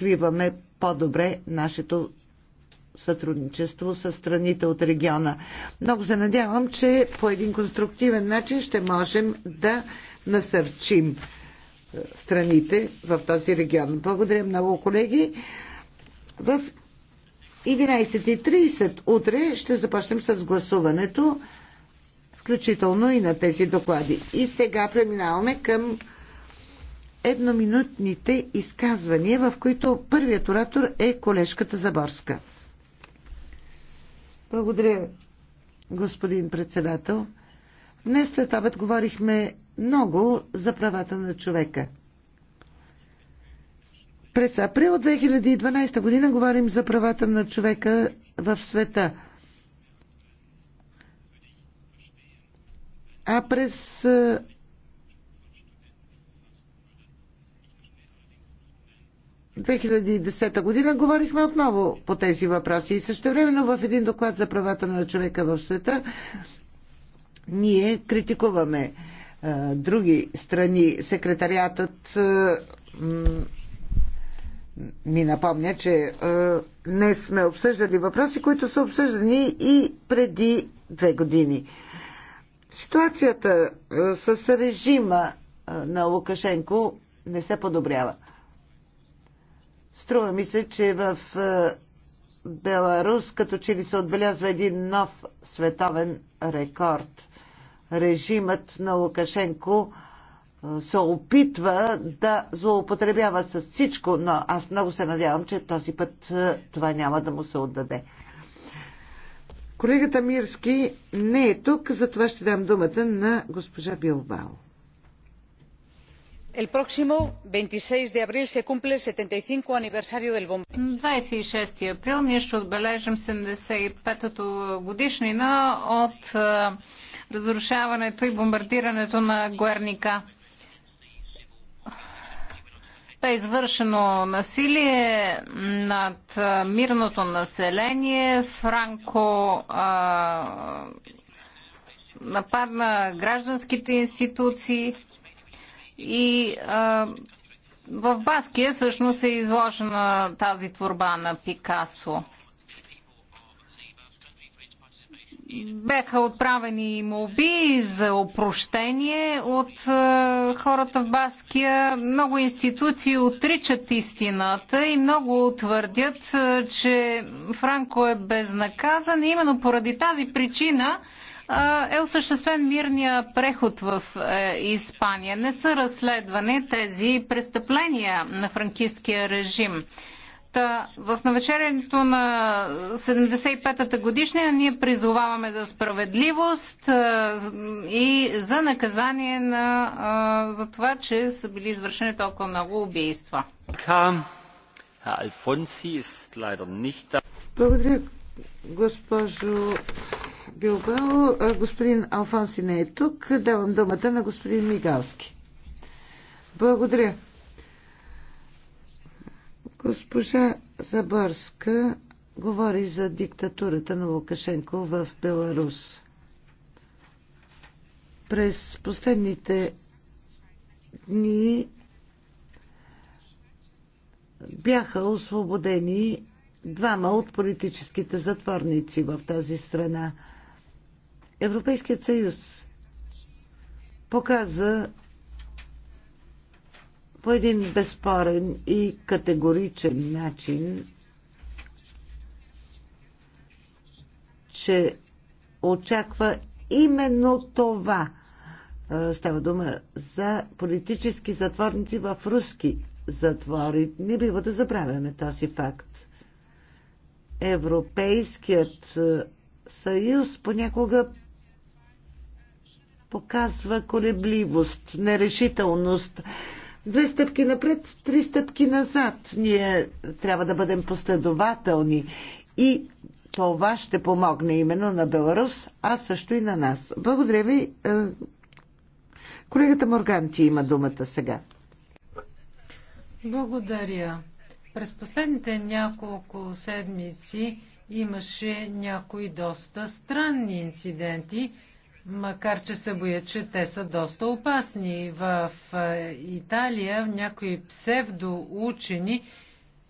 развиваме по-добре нашето сътрудничество с страните от региона. Много се надявам, че по един конструктивен начин ще можем да насърчим е, страните в този регион. Благодаря много, колеги. В 11.30 утре ще започнем с гласуването, включително и на тези доклади. И сега преминаваме към едноминутните изказвания, в които първият оратор е колежката Заборска. Благодаря, господин председател. Днес след обед говорихме много за правата на човека. През април 2012 година говорим за правата на човека в света. А през 2010 година говорихме отново по тези въпроси и времено в един доклад за правата на човека в света ние критикуваме а, други страни. Секретариатът а, ми напомня, че а, днес сме обсъждали въпроси, които са обсъждани и преди две години. Ситуацията а, с режима а, на Лукашенко не се подобрява. Струва ми се, че в е, Беларус като че ли се отбелязва един нов световен рекорд. Режимът на Лукашенко е, се опитва да злоупотребява с всичко, но аз много се надявам, че този път е, това няма да му се отдаде. Колегата Мирски не е тук, затова ще дам думата на госпожа Билбао. El próximo veintiséis de abril se cumple el 75 aniversario del bombardeo. април ние ще отбележим 75 годишнина от разрушаването и бомбардирането на Гуерника. Бе извършено насилие над мирното население. Франко а, нападна гражданските институции. И а, в Баския всъщност е изложена тази творба на Пикасо. Беха отправени молби за опрощение от е, хората в Баския. Много институции отричат истината и много твърдят, е, че Франко е безнаказан. И именно поради тази причина е осъществен мирния преход в е, Испания. Не са разследвани тези престъпления на франкистския режим. Та, в навечерието на 75-та годишния ние призоваваме за справедливост е, и за наказание на, е, за това, че са били извършени толкова много убийства. Благодаря, госпожо Билбао. Господин Алфонси не е тук. Давам думата на господин Мигалски. Благодаря. Госпожа Заборска говори за диктатурата на Лукашенко в Беларус. През последните дни бяха освободени двама от политическите затворници в тази страна – Европейският съюз показа по един безспорен и категоричен начин, че очаква именно това. Става дума за политически затворници в руски затвори. Не бива да забравяме този факт. Европейският съюз понякога показва колебливост, нерешителност. Две стъпки напред, три стъпки назад. Ние трябва да бъдем последователни и това ще помогне именно на Беларус, а също и на нас. Благодаря ви. Е, колегата Морганти има думата сега. Благодаря. През последните няколко седмици имаше някои доста странни инциденти, макар че се боя, че те са доста опасни. В Италия някои псевдоучени,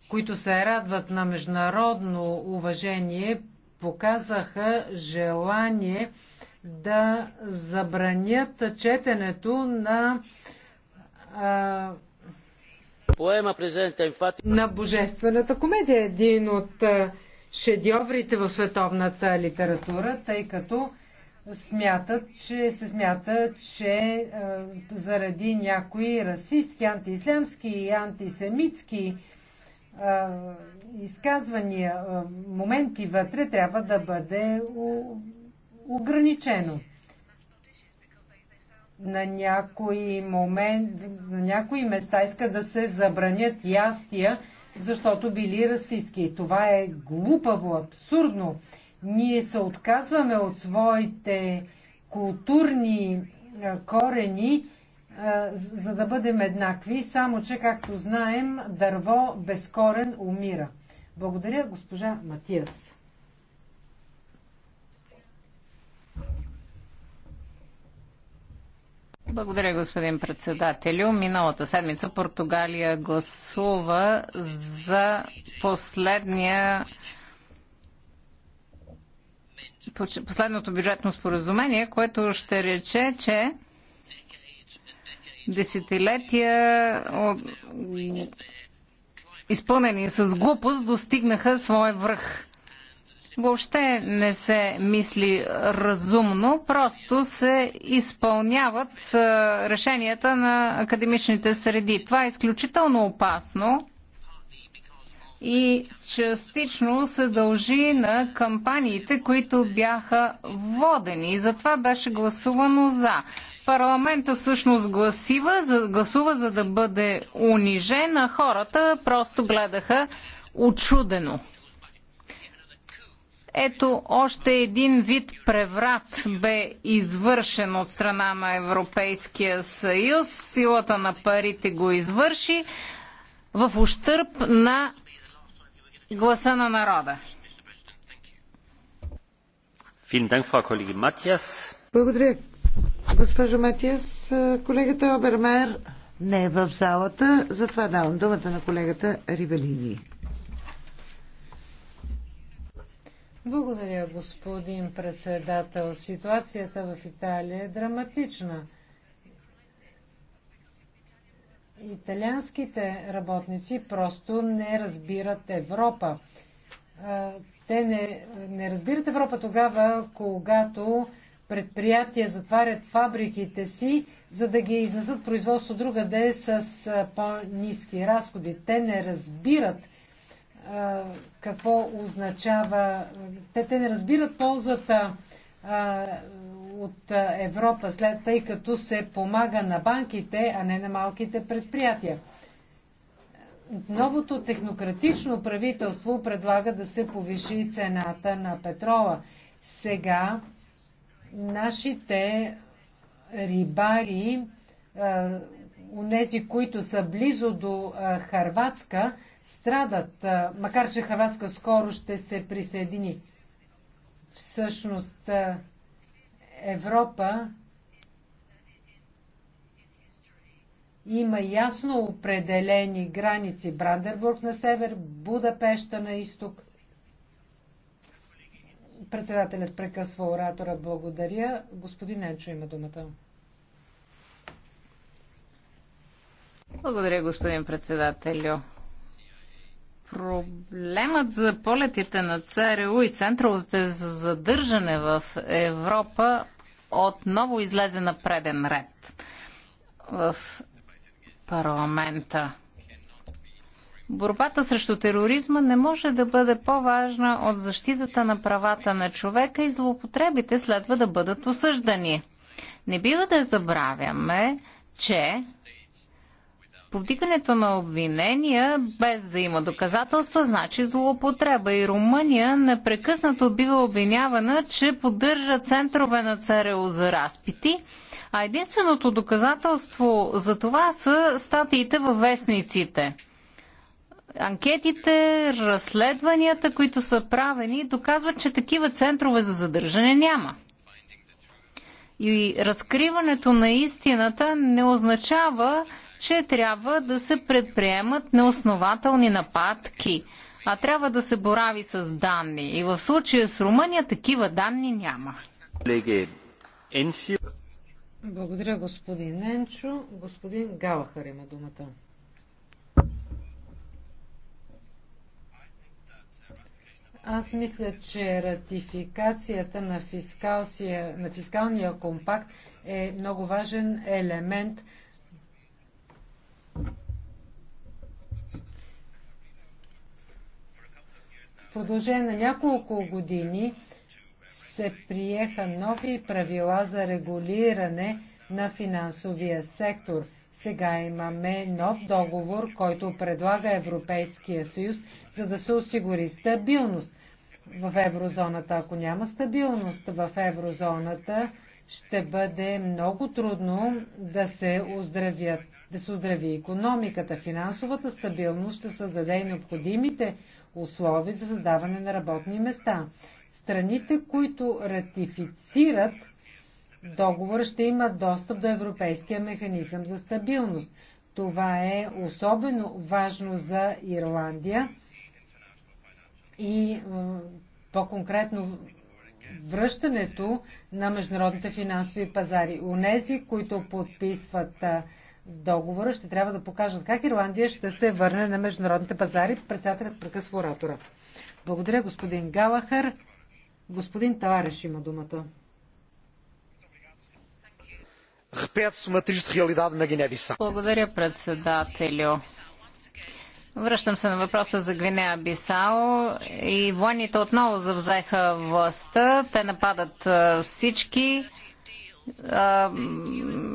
които се радват на международно уважение, показаха желание да забранят четенето на а, Поема президента инфати... на Божествената комедия, един от шедьоврите в световната литература, тъй като смятат, че се смята, че а, е, заради някои расистски, антиислямски и антисемитски а, е, изказвания, а, е, моменти вътре трябва да бъде у, ограничено. На някои, момент, на някои места иска да се забранят ястия, защото били расистски. Това е глупаво, абсурдно ние се отказваме от своите културни е, корени, е, за да бъдем еднакви, само че, както знаем, дърво без корен умира. Благодаря, госпожа Матиас. Благодаря, господин председателю. Миналата седмица Португалия гласува за последния последното бюджетно споразумение, което ще рече, че десетилетия изпълнени с глупост достигнаха своя връх. Въобще не се мисли разумно, просто се изпълняват решенията на академичните среди. Това е изключително опасно и частично се дължи на кампаниите, които бяха водени. И затова беше гласувано за. Парламента всъщност гласива, за, гласува за да бъде унижен, а хората просто гледаха очудено. Ето още един вид преврат бе извършен от страна на Европейския съюз. Силата на парите го извърши в ущърп на гласа на народа. Благодаря, госпожо Матиас. Колегата Обермер не е в залата, затова давам думата на колегата Ривелини. Благодаря, господин председател. Ситуацията в Италия е драматична италианските работници просто не разбират Европа. Те не, не разбират Европа тогава, когато предприятия затварят фабриките си, за да ги изнесат производство другаде с по-низки разходи. Те не разбират какво означава. Те, те не разбират ползата от Европа, след тъй като се помага на банките, а не на малките предприятия. Новото технократично правителство предлага да се повиши цената на петрола. Сега нашите рибари, унези, които са близо до Харватска, страдат, макар че Харватска скоро ще се присъедини. Всъщност, Европа има ясно определени граници Брандербург на север, Будапешта на изток. Председателят прекъсва оратора. Благодаря. Господин Енчо има думата. Благодаря, господин председателю. Проблемът за полетите на ЦРУ и центровете за задържане в Европа отново излезе на преден ред в парламента. Борбата срещу тероризма не може да бъде по-важна от защитата на правата на човека и злоупотребите следва да бъдат осъждани. Не бива да забравяме, че Повдигането на обвинения без да има доказателства значи злоупотреба и Румъния непрекъснато бива обвинявана, че поддържа центрове на ЦРУ за разпити, а единственото доказателство за това са статиите във вестниците анкетите, разследванията, които са правени, доказват, че такива центрове за задържане няма. И разкриването на истината не означава, че трябва да се предприемат неоснователни нападки, а трябва да се борави с данни. И в случая с Румъния такива данни няма. Благодаря, господин Ненчо. Господин Галахар има думата. Аз мисля, че ратификацията на, фискалния, на фискалния компакт е много важен елемент В продължение на няколко години се приеха нови правила за регулиране на финансовия сектор. Сега имаме нов договор, който предлага Европейския съюз, за да се осигури стабилност в еврозоната. Ако няма стабилност в еврозоната, ще бъде много трудно да се оздравят да се оздрави економиката. Финансовата стабилност ще създаде и необходимите условия за създаване на работни места. Страните, които ратифицират договора, ще имат достъп до Европейския механизъм за стабилност. Това е особено важно за Ирландия и по-конкретно връщането на международните финансови пазари. Унези, които подписват договора, ще трябва да покажат как Ирландия ще се върне на международните пазари. Председателят прекъсва оратора. Благодаря, господин Галахър. Господин Тавареш има думата. Благодаря, председателю. Връщам се на въпроса за Гвинея Бисао и войните отново завзеха властта. Те нападат всички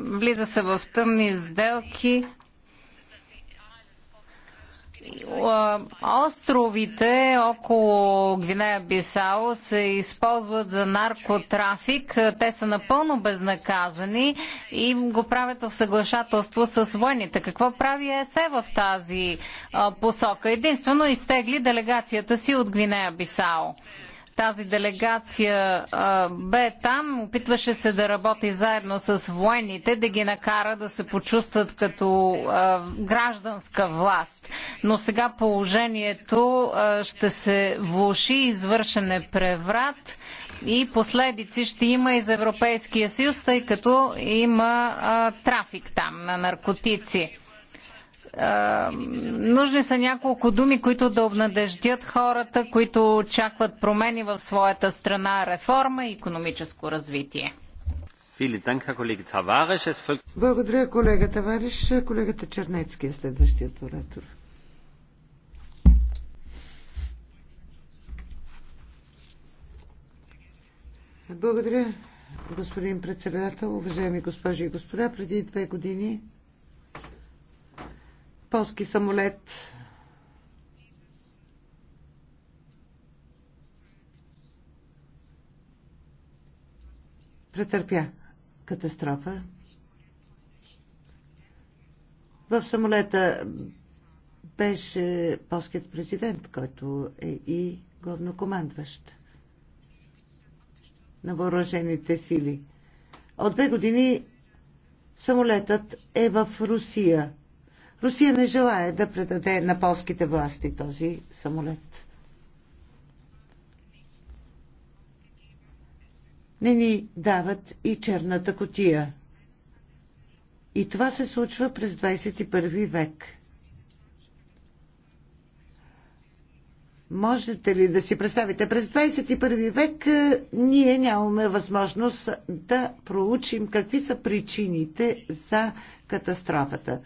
влиза се в тъмни сделки. Островите около Гвинея-Бисао се използват за наркотрафик. Те са напълно безнаказани и го правят в съглашателство с войните. Какво прави ЕСЕ в тази посока? Единствено изтегли делегацията си от Гвинея-Бисао. Тази делегация а, бе там, опитваше се да работи заедно с военните, да ги накара да се почувстват като а, гражданска власт. Но сега положението а, ще се влуши, е преврат и последици ще има и за Европейския съюз, тъй като има а, трафик там на наркотици нужни са няколко думи, които да обнадеждят хората, които очакват промени в своята страна, реформа и економическо развитие. Е Благодаря, колега Тавариш. Колегата Чернецки е следващият оратор. Благодаря, господин председател, уважаеми госпожи и господа. Преди две години полски самолет претърпя катастрофа. В самолета беше полският президент, който е и главнокомандващ на въоръжените сили. От две години самолетът е в Русия. Русия не желая да предаде на полските власти този самолет. Не ни дават и черната котия. И това се случва през 21 век. Можете ли да си представите? През 21 век е, ние нямаме възможност да проучим какви са причините за катастрофата.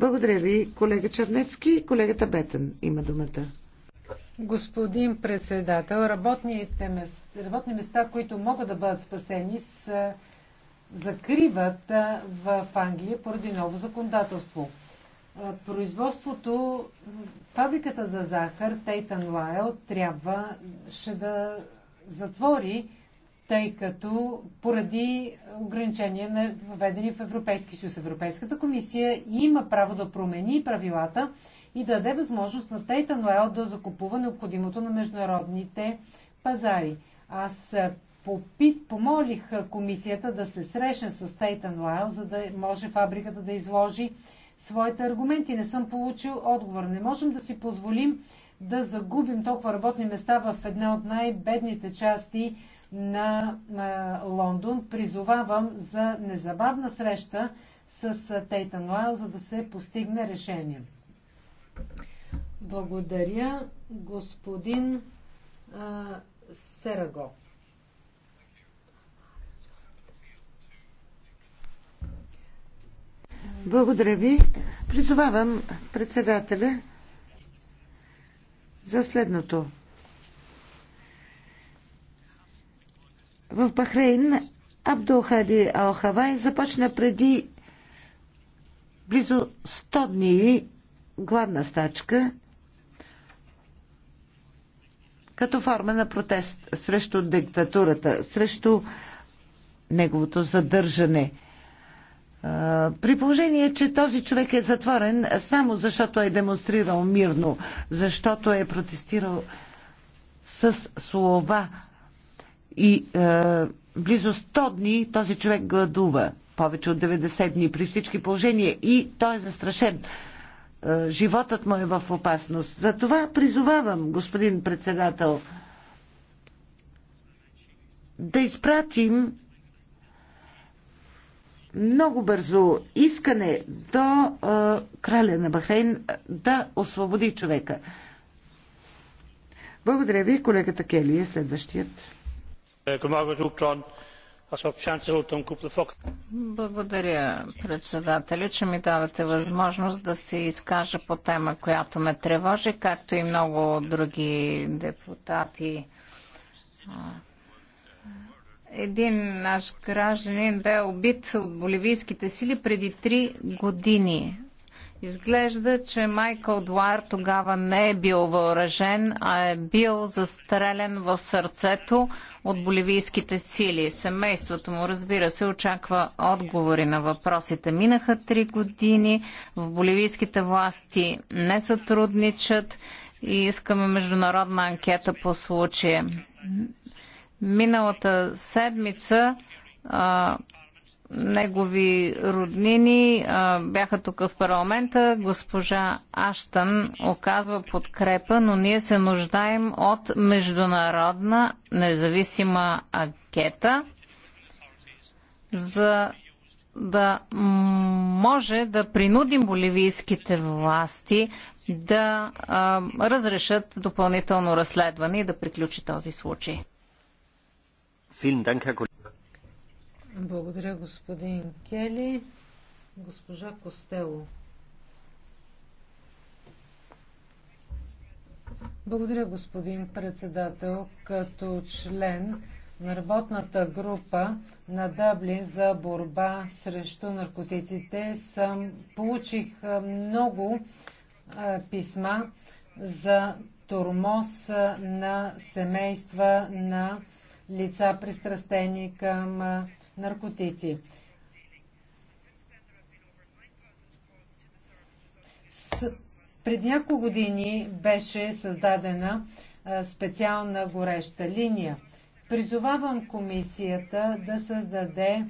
Благодаря ви, колега Чернецки. Колегата Бетен има думата. Господин председател, работните места, работни места, които могат да бъдат спасени, са закриват в Англия поради ново законодателство. Производството, фабриката за захар, Тейтън Лайл, трябваше да затвори тъй като поради ограничения на въведени в Европейски съюз. Европейската комисия има право да промени правилата и да даде възможност на Тейта Ноел да закупува необходимото на международните пазари. Аз попит, помолих комисията да се срещне с Тейта Ноел, за да може фабриката да изложи своите аргументи. Не съм получил отговор. Не можем да си позволим да загубим толкова работни места в една от най-бедните части на Лондон. Призовавам за незабавна среща с Тейта Лайл, за да се постигне решение. Благодаря, господин а, Сераго. Благодаря ви. Призовавам председателя за следното. В Бахрейн Абдул Хади започна преди близо 100 дни гладна стачка като форма на протест срещу диктатурата, срещу неговото задържане. При положение, че този човек е затворен само защото е демонстрирал мирно, защото е протестирал с слова и е, близо 100 дни този човек гладува, повече от 90 дни при всички положения и той е застрашен. Е, животът му е в опасност. Затова призовавам, господин председател, да изпратим много бързо искане до е, краля на Бахрейн е, да освободи човека. Благодаря ви, колегата Кели е следващият. Благодаря, председателя, че ми давате възможност да се изкажа по тема, която ме тревожи, както и много други депутати. Един наш гражданин бе убит от боливийските сили преди три години Изглежда, че Майкъл Дуар тогава не е бил въоръжен, а е бил застрелен в сърцето от боливийските сили. Семейството му, разбира се, очаква отговори на въпросите. Минаха три години, в боливийските власти не сътрудничат и искаме международна анкета по случая. Миналата седмица негови роднини а, бяха тук в парламента. Госпожа Аштън оказва подкрепа, но ние се нуждаем от международна независима анкета, за да може да принудим боливийските власти да а, разрешат допълнително разследване и да приключи този случай. Благодаря, господин Кели. Госпожа Костело. Благодаря, господин председател. Като член на работната група на Даблин за борба срещу наркотиците съм, получих много а, писма за тормоз на семейства на лица, пристрастени към наркотици. С... Пред няколко години беше създадена специална гореща линия. Призовавам комисията да създаде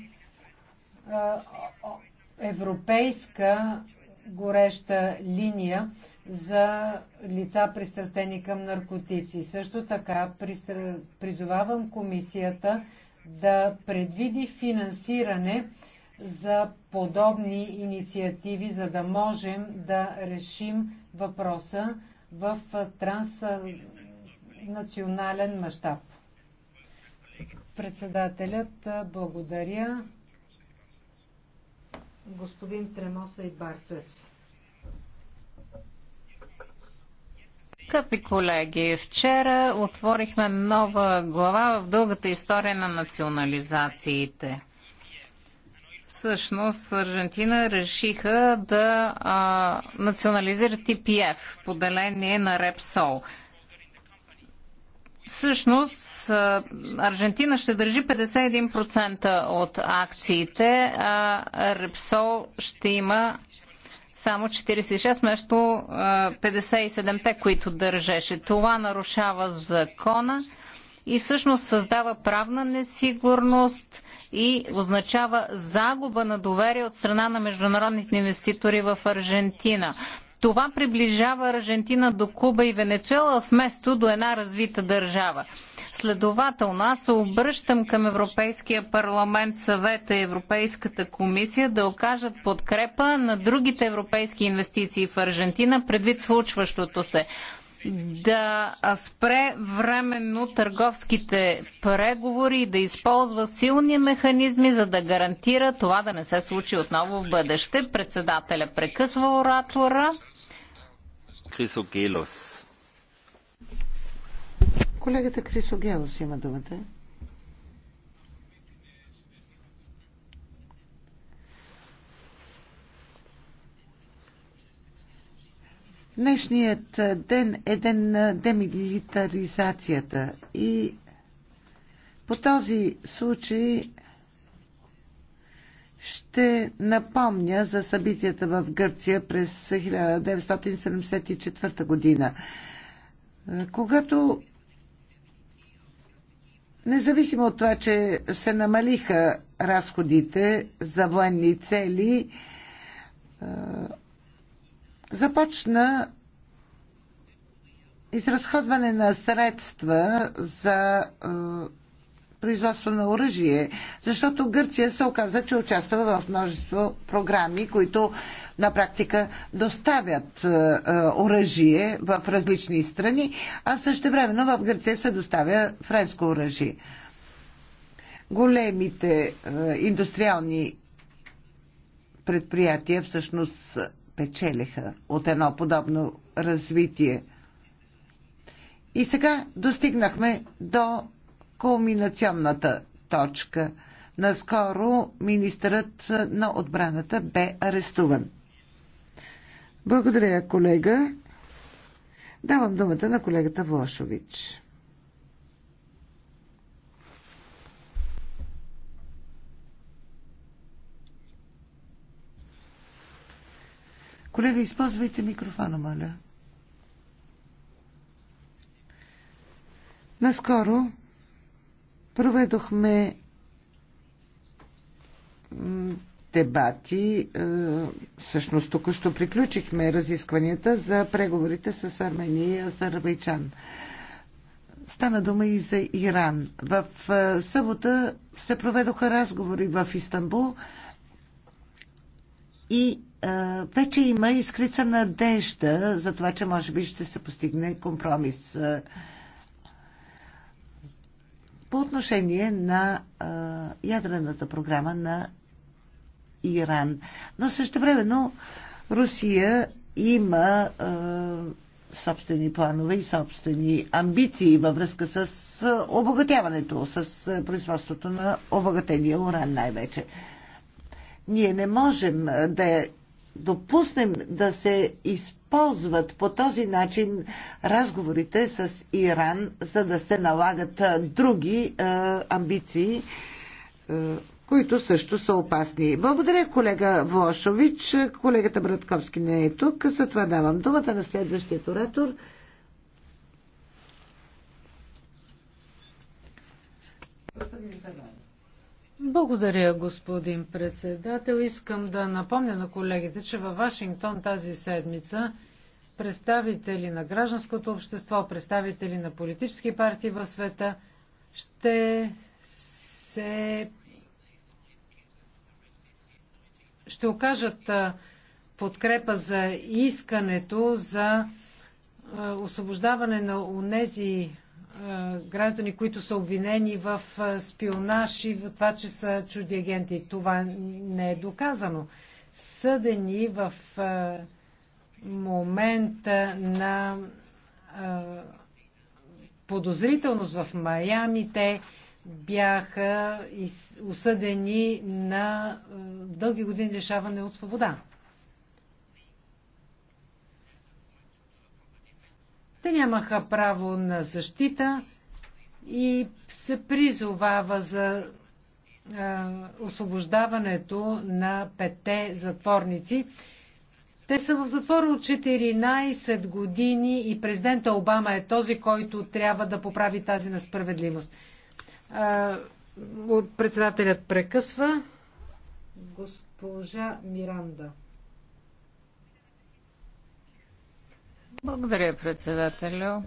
европейска гореща линия за лица пристрастени към наркотици. Също така призовавам комисията да предвиди финансиране за подобни инициативи, за да можем да решим въпроса в транснационален мащаб. Председателят благодаря господин Тремоса и Барсес. Скъпи колеги, вчера отворихме нова глава в дългата история на национализациите. Всъщност Аржентина решиха да а, национализират ИПФ, поделение на Репсол. Същност, Аржентина ще държи 51% от акциите, а Репсол ще има само 46 вместо 57-те, които държеше. Това нарушава закона и всъщност създава правна несигурност и означава загуба на доверие от страна на международните инвеститори в Аржентина. Това приближава Аржентина до Куба и Венецуела вместо до една развита държава. Следователно, аз се обръщам към Европейския парламент, съвета и Европейската комисия да окажат подкрепа на другите европейски инвестиции в Аржентина предвид случващото се да спре временно търговските преговори и да използва силни механизми, за да гарантира това да не се случи отново в бъдеще. Председателя прекъсва оратора. Крисогелос. Колегата Крисогелос има думата. Днешният ден е ден на демилитаризацията и по този случай ще напомня за събитията в Гърция през 1974 година, когато независимо от това, че се намалиха разходите за военни цели, е, започна изразходване на средства за е, производство на оръжие, защото Гърция се оказа, че участва в множество програми, които на практика доставят е, е, оръжие в различни страни, а също времено в Гърция се доставя френско оръжие. Големите е, индустриални предприятия всъщност печелиха от едно подобно развитие. И сега достигнахме до кулминационната точка. Наскоро министърът на отбраната бе арестуван. Благодаря, колега. Давам думата на колегата Влошович. Колега, използвайте микрофона, моля. Наскоро Проведохме дебати. Е, всъщност тук що приключихме разискванията за преговорите с Армения и Азербайджан. Стана дума и за Иран. В е, събота се проведоха разговори в Истанбул и е, вече има искрица надежда за това, че може би ще се постигне компромис по отношение на а, ядрената програма на Иран. Но също времено Русия има а, собствени планове и собствени амбиции във връзка с обогатяването, с производството на обогатения уран най-вече. Ние не можем да допуснем да се използва използват по този начин разговорите с Иран, за да се налагат други амбиции, които също са опасни. Благодаря, колега Влошович. Колегата Братковски не е тук, затова давам думата на следващия оратор. Господин Завар. Благодаря, господин председател. Искам да напомня на колегите, че във Вашингтон тази седмица представители на гражданското общество, представители на политически партии в света ще се ще окажат подкрепа за искането за освобождаване на унези е, граждани, които са обвинени в е, спионаж и в това, че са чужди агенти. Това не е доказано. Съдени в е, момента на подозрителност в Майами, те бяха осъдени на дълги години лишаване от свобода. Те нямаха право на защита и се призовава за освобождаването на пете затворници. Те са в затвора от 14 години и президента Обама е този, който трябва да поправи тази несправедливост. Председателят прекъсва госпожа Миранда. Благодаря, председателю.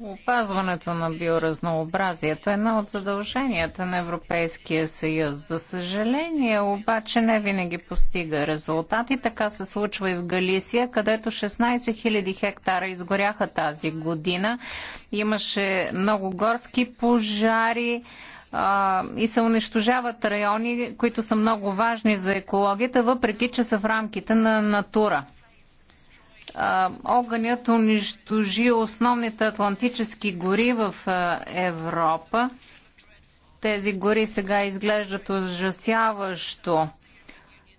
Опазването на биоразнообразието е едно от задълженията на Европейския съюз. За съжаление, обаче не винаги постига резултати. Така се случва и в Галисия, където 16 000 хектара изгоряха тази година. Имаше много горски пожари и се унищожават райони, които са много важни за екологията, въпреки че са в рамките на натура огънят унищожи основните атлантически гори в Европа. Тези гори сега изглеждат ужасяващо.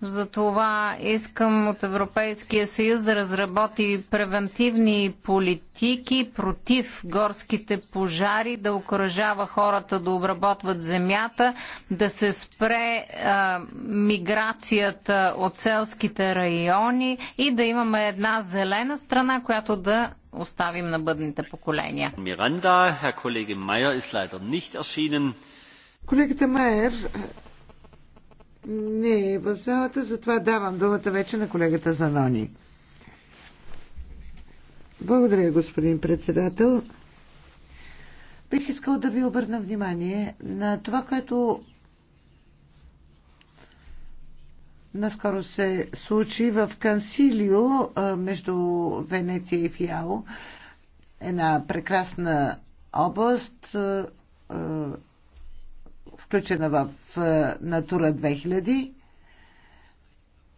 Затова искам от Европейския съюз да разработи превентивни политики против горските пожари, да окоръжава хората да обработват земята, да се спре а, миграцията от селските райони и да имаме една зелена страна, която да оставим на бъдните поколения. Миранда, колегата Майер е Майер не е в залата, затова давам думата вече на колегата Занони. Благодаря, господин председател. Бих искал да ви обърна внимание на това, което наскоро се случи в Кансилио между Венеция и Фиао. Една прекрасна област, включена в е, Натура 2000.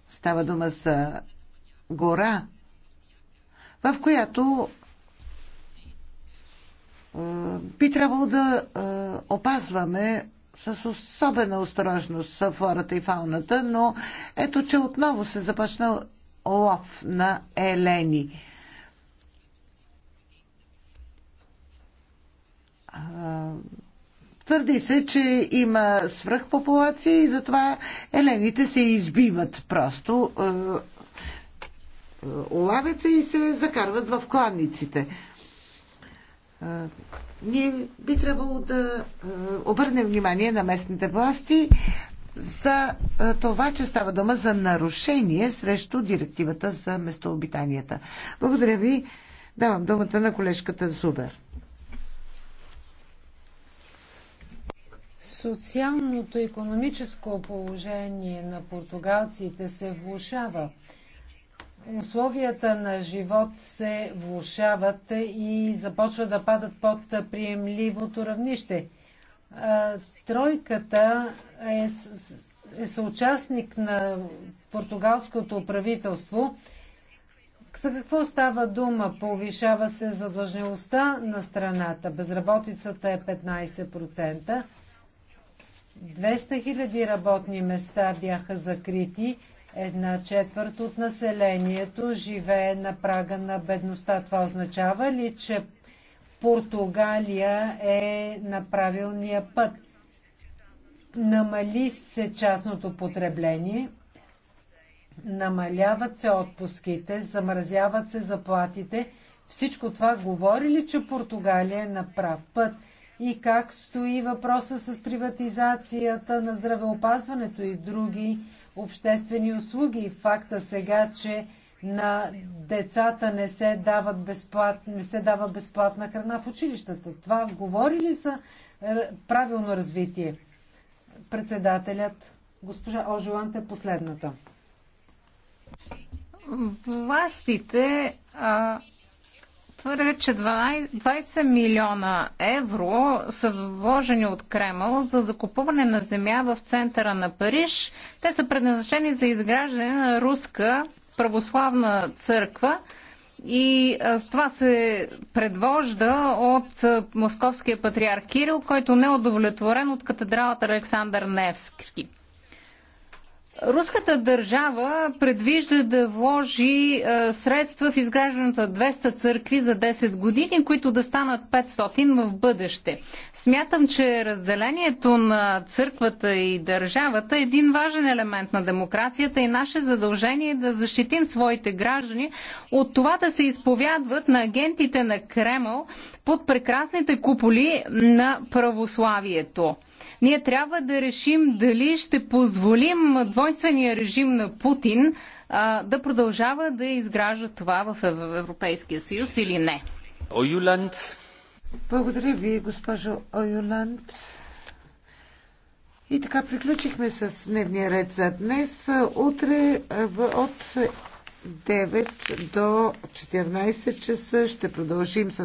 Става дума за гора, в която е, би трябвало да е, опазваме с особена осторожност флората и фауната, но ето, че отново се започна лов на елени. А, Твърди се, че има свръхпопулация и затова елените се избиват просто. Е, е, улавят се и се закарват в кладниците. Е, ние би трябвало да обърнем внимание на местните власти за това, че става дума за нарушение срещу директивата за местообитанията. Благодаря ви. Давам думата на колежката Зубер. Социалното и економическо положение на португалците се влушава. Условията на живот се влушават и започва да падат под приемливото равнище. Тройката е, е съучастник на португалското правителство. За какво става дума? Повишава се задлъжнялостта на страната. Безработицата е 15%. 200 000 работни места бяха закрити, една четвърт от населението живее на прага на бедността. Това означава ли, че Португалия е на правилния път? Намали се частното потребление, намаляват се отпуските, замразяват се заплатите. Всичко това говори ли, че Португалия е на прав път? и как стои въпроса с приватизацията на здравеопазването и други обществени услуги. Факта сега, че на децата не се, дават безплат, не се дава безплатна храна в училищата. Това говори ли за е, правилно развитие? Председателят, госпожа Ожелант е последната. Властите а, твърде, че 20 милиона евро са вложени от Кремъл за закупуване на земя в центъра на Париж. Те са предназначени за изграждане на руска православна църква и това се предвожда от московския патриарх Кирил, който не е удовлетворен от катедралата Александър Невски. Руската държава предвижда да вложи е, средства в изграждането на 200 църкви за 10 години, които да станат 500 в бъдеще. Смятам, че разделението на църквата и държавата е един важен елемент на демокрацията и наше задължение е да защитим своите граждани от това да се изповядват на агентите на Кремъл под прекрасните куполи на православието. Ние трябва да решим дали ще позволим двойствения режим на Путин а, да продължава да изгражда това в Европейския съюз или не. Оюланд. Благодаря ви, госпожо Оюланд. И така приключихме с дневния ред за днес. Утре от 9 до 14 часа ще продължим с